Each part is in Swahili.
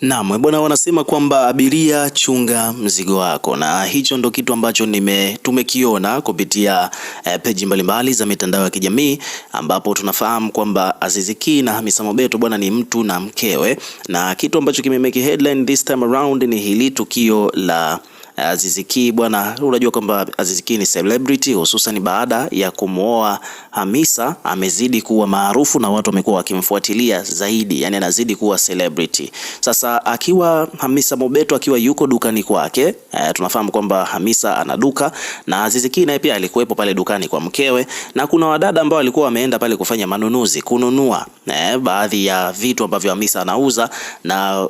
Naam, eh, bwana, wanasema kwamba abiria, chunga mzigo wako, na hicho ndo kitu ambacho nime tumekiona kupitia eh, peji mbalimbali za mitandao ya kijamii ambapo tunafahamu kwamba Aziziki na Hamisa Mobeto bwana ni mtu na mkewe, na kitu ambacho kimemeki headline this time around ni hili tukio la Aziziki bwana, unajua kwamba Aziziki ni celebrity, hususan baada ya kumwoa Hamisa amezidi kuwa maarufu na watu wamekuwa wakimfuatilia zaidi, yani anazidi kuwa celebrity. Sasa akiwa Hamisa Mobeto akiwa yuko dukani kwake, e, tunafahamu kwamba Hamisa ana duka na Aziziki naye pia alikuwepo pale dukani kwa mkewe, na kuna wadada ambao walikuwa wameenda pale kufanya manunuzi kununua e, baadhi ya vitu ambavyo Hamisa anauza na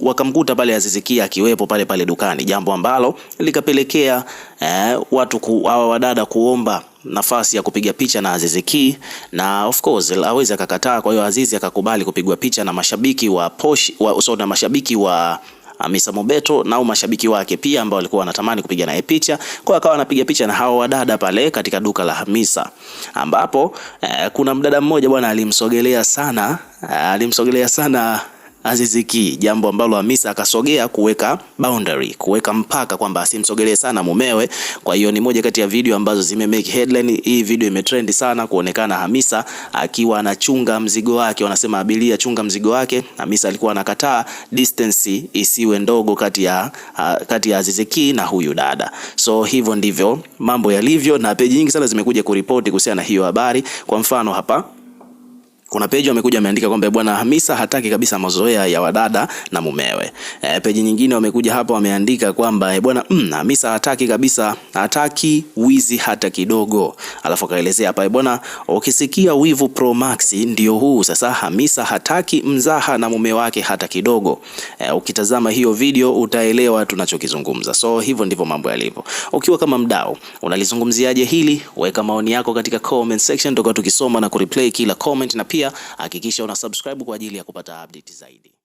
wakamkuta pale Aziziki akiwepo pale pale dukani, jambo ambalo hilo likapelekea eh, watu ku, hawa wadada kuomba nafasi ya kupiga picha na Azizi Ki na of course awezi akakataa. Kwa hiyo Azizi akakubali kupigwa picha na mashabiki wa Posh, wa, so, na mashabiki wa Hamisa uh, Mobeto na mashabiki wake pia ambao walikuwa wanatamani kupiga naye picha. Kwa akawa anapiga picha na hawa wadada pale katika duka la Hamisa ambapo eh, kuna mdada mmoja bwana alimsogelea sana eh, alimsogelea sana Aziziki, jambo ambalo Hamisa akasogea kuweka boundary, kuweka mpaka kwamba asimsogelee sana mumewe. Kwa hiyo ni moja kati ya video ambazo zime make headline. Hii video imetrend sana kuonekana Hamisa akiwa anachunga mzigo wake, wanasema abiria chunga mzigo wake. Hamisa alikuwa anakataa distance isiwe ndogo kati ya uh, kati ya Aziziki na huyu dada. So hivyo ndivyo mambo yalivyo, na peji nyingi sana zimekuja kuripoti kuhusiana na hiyo habari. Kwa mfano hapa kuna peji wamekuja wameandika kwamba bwana Hamisa hataki kabisa mazoea ya wadada na mumewe. E, peji nyingine wamekuja hapa wameandika kwamba eh, bwana mm, Hamisa hataki kabisa, hataki wizi hata kidogo. Alafu akaelezea hapa eh, bwana, ukisikia wivu Pro Max ndio huu sasa. Hamisa hataki mzaha na mume wake hata kidogo. E, ukitazama hiyo video utaelewa tunachokizungumza. So hivyo ndivyo mambo yalivyo. Ukiwa kama mdau unalizungumziaje hili? Weka maoni yako katika comment section, tutakuwa tukisoma na kureplay kila comment na pia pia hakikisha una subscribe kwa ajili ya kupata update zaidi.